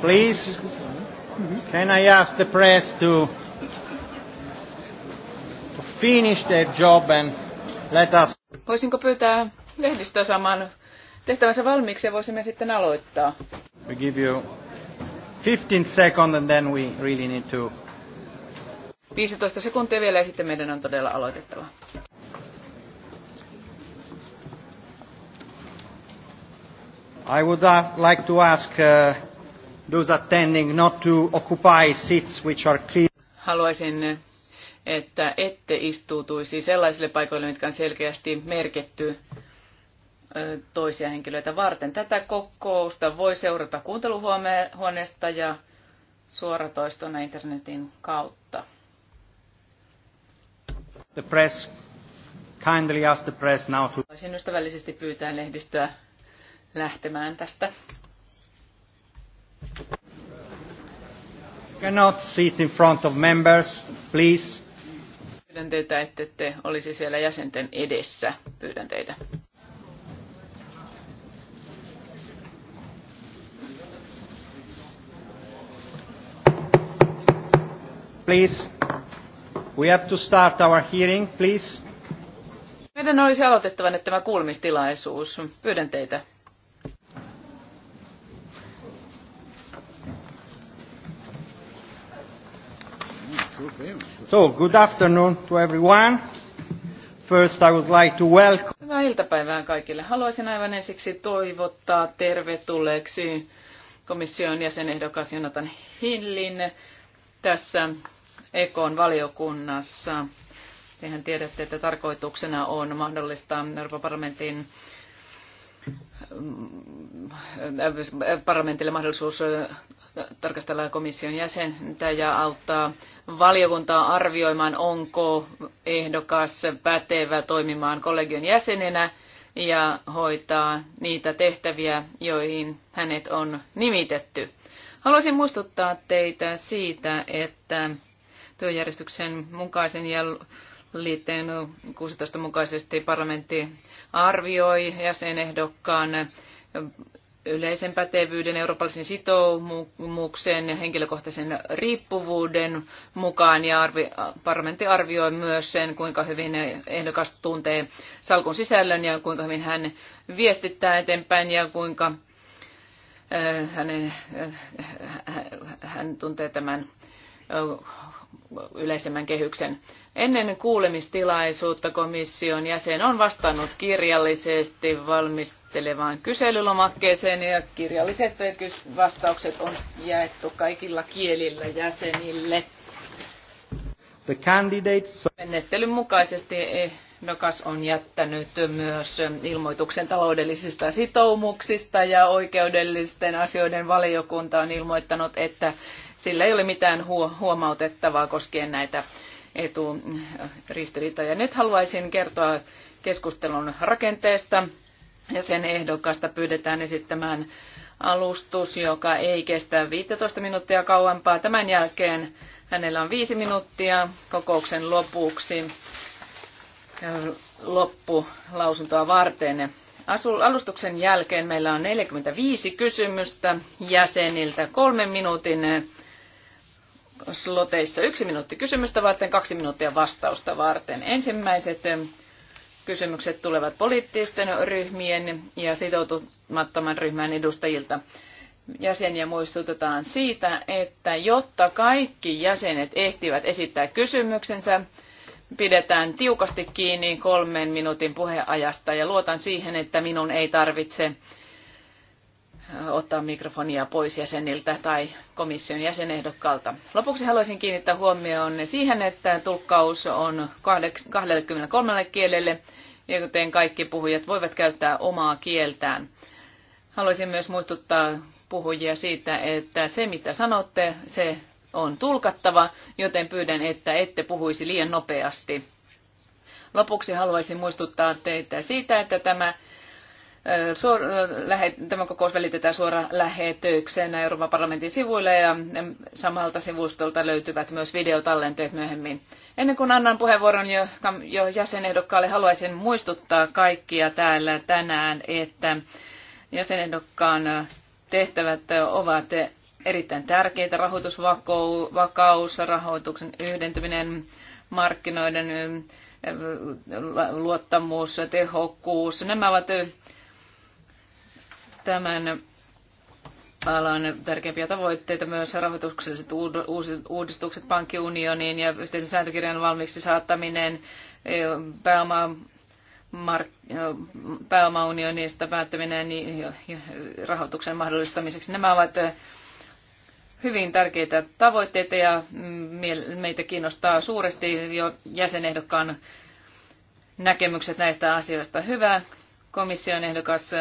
Please, can I ask the press to, to finish their job and let us... Voisinko pyytää lehdistöä saamaan tehtävänsä valmiiksi ja voisimme sitten aloittaa? We give you 15 seconds and then we really need to... 15 sekuntia vielä ja sitten meidän on todella aloitettava. I would uh, like to ask uh, those attending not to occupy seats which are clear. Haluaisin, että ette istuutuisi sellaisille paikoille, mitkä on selkeästi merkitty toisia henkilöitä varten. Tätä kokousta voi seurata kuunteluhuoneesta ja suoratoistona internetin kautta. The press kindly ask the press now to... Voisin ystävällisesti pyytää lehdistöä lähtemään tästä. Cannot sit in front of members, please. Pyydän teitä, että te olisi siellä jäsenten edessä. Pyydän teitä. Please. We have to start our hearing, please. Meidän olisi aloitettava nyt tämä kuulemistilaisuus. Pyydän teitä So, good afternoon to everyone. First I would like to welcome... Hyvää iltapäivää kaikille. Haluaisin aivan ensiksi toivottaa tervetulleeksi komission jäsenehdokas Jonathan Hillin tässä Ekon valiokunnassa. Tehän tiedätte, että tarkoituksena on mahdollistaa Euroopan parlamentin Mm, parlamentille mahdollisuus tarkastella komission jäsentä ja auttaa valiokuntaa arvioimaan, onko ehdokas pätevä toimimaan kollegion jäsenenä ja hoitaa niitä tehtäviä, joihin hänet on nimitetty. Haluaisin muistuttaa teitä siitä, että työjärjestyksen mukaisen ja liitteen 16 mukaisesti parlamentti arvioi jäsenehdokkaan yleisen pätevyyden, eurooppalaisen sitoumuksen, henkilökohtaisen riippuvuuden mukaan ja arvi, parlamentti arvioi myös sen, kuinka hyvin ehdokas tuntee salkun sisällön ja kuinka hyvin hän viestittää eteenpäin ja kuinka äh, hänen, äh, hän tuntee tämän äh, yleisemmän kehyksen. Ennen kuulemistilaisuutta komission jäsen on vastannut kirjallisesti valmistelevaan kyselylomakkeeseen ja kirjalliset vastaukset on jaettu kaikilla kielillä jäsenille. The candidates... Mennettelyn mukaisesti ehdokas on jättänyt myös ilmoituksen taloudellisista sitoumuksista ja oikeudellisten asioiden valiokunta on ilmoittanut, että sillä ei ole mitään huomautettavaa koskien näitä eturistiriitoja. Nyt haluaisin kertoa keskustelun rakenteesta ja sen ehdokasta pyydetään esittämään alustus, joka ei kestä 15 minuuttia kauempaa. Tämän jälkeen hänellä on viisi minuuttia kokouksen lopuksi loppulausuntoa varten. Alustuksen jälkeen meillä on 45 kysymystä jäseniltä kolmen minuutin sloteissa. Yksi minuutti kysymystä varten, kaksi minuuttia vastausta varten. Ensimmäiset kysymykset tulevat poliittisten ryhmien ja sitoutumattoman ryhmän edustajilta. Jäseniä muistutetaan siitä, että jotta kaikki jäsenet ehtivät esittää kysymyksensä, pidetään tiukasti kiinni kolmen minuutin puheajasta ja luotan siihen, että minun ei tarvitse ottaa mikrofonia pois jäseniltä tai komission jäsenehdokkaalta. Lopuksi haluaisin kiinnittää huomioon siihen, että tulkkaus on 23 kielelle, ja kuten kaikki puhujat voivat käyttää omaa kieltään. Haluaisin myös muistuttaa puhujia siitä, että se mitä sanotte, se on tulkattava, joten pyydän, että ette puhuisi liian nopeasti. Lopuksi haluaisin muistuttaa teitä siitä, että tämä suor, lähet, tämä kokous välitetään suora lähetyksenä Euroopan parlamentin sivuille ja samalta sivustolta löytyvät myös videotallenteet myöhemmin. Ennen kuin annan puheenvuoron jo, jo jäsenehdokkaalle, haluaisin muistuttaa kaikkia täällä tänään, että jäsenehdokkaan tehtävät ovat erittäin tärkeitä, rahoitusvakaus, rahoituksen yhdentyminen, markkinoiden luottamus, tehokkuus. Nämä ovat tämän alan tärkeimpiä tavoitteita myös rahoitukselliset uudistukset pankkiunioniin ja yhteisen sääntökirjan valmiiksi saattaminen, eh, pääoma eh, pääomaunionista päättäminen rahoituksen mahdollistamiseksi. Nämä ovat eh, hyvin tärkeitä tavoitteita ja mm, meitä kiinnostaa suuresti jo jäsenehdokkaan näkemykset näistä asioista. Hyvä komission ehdokas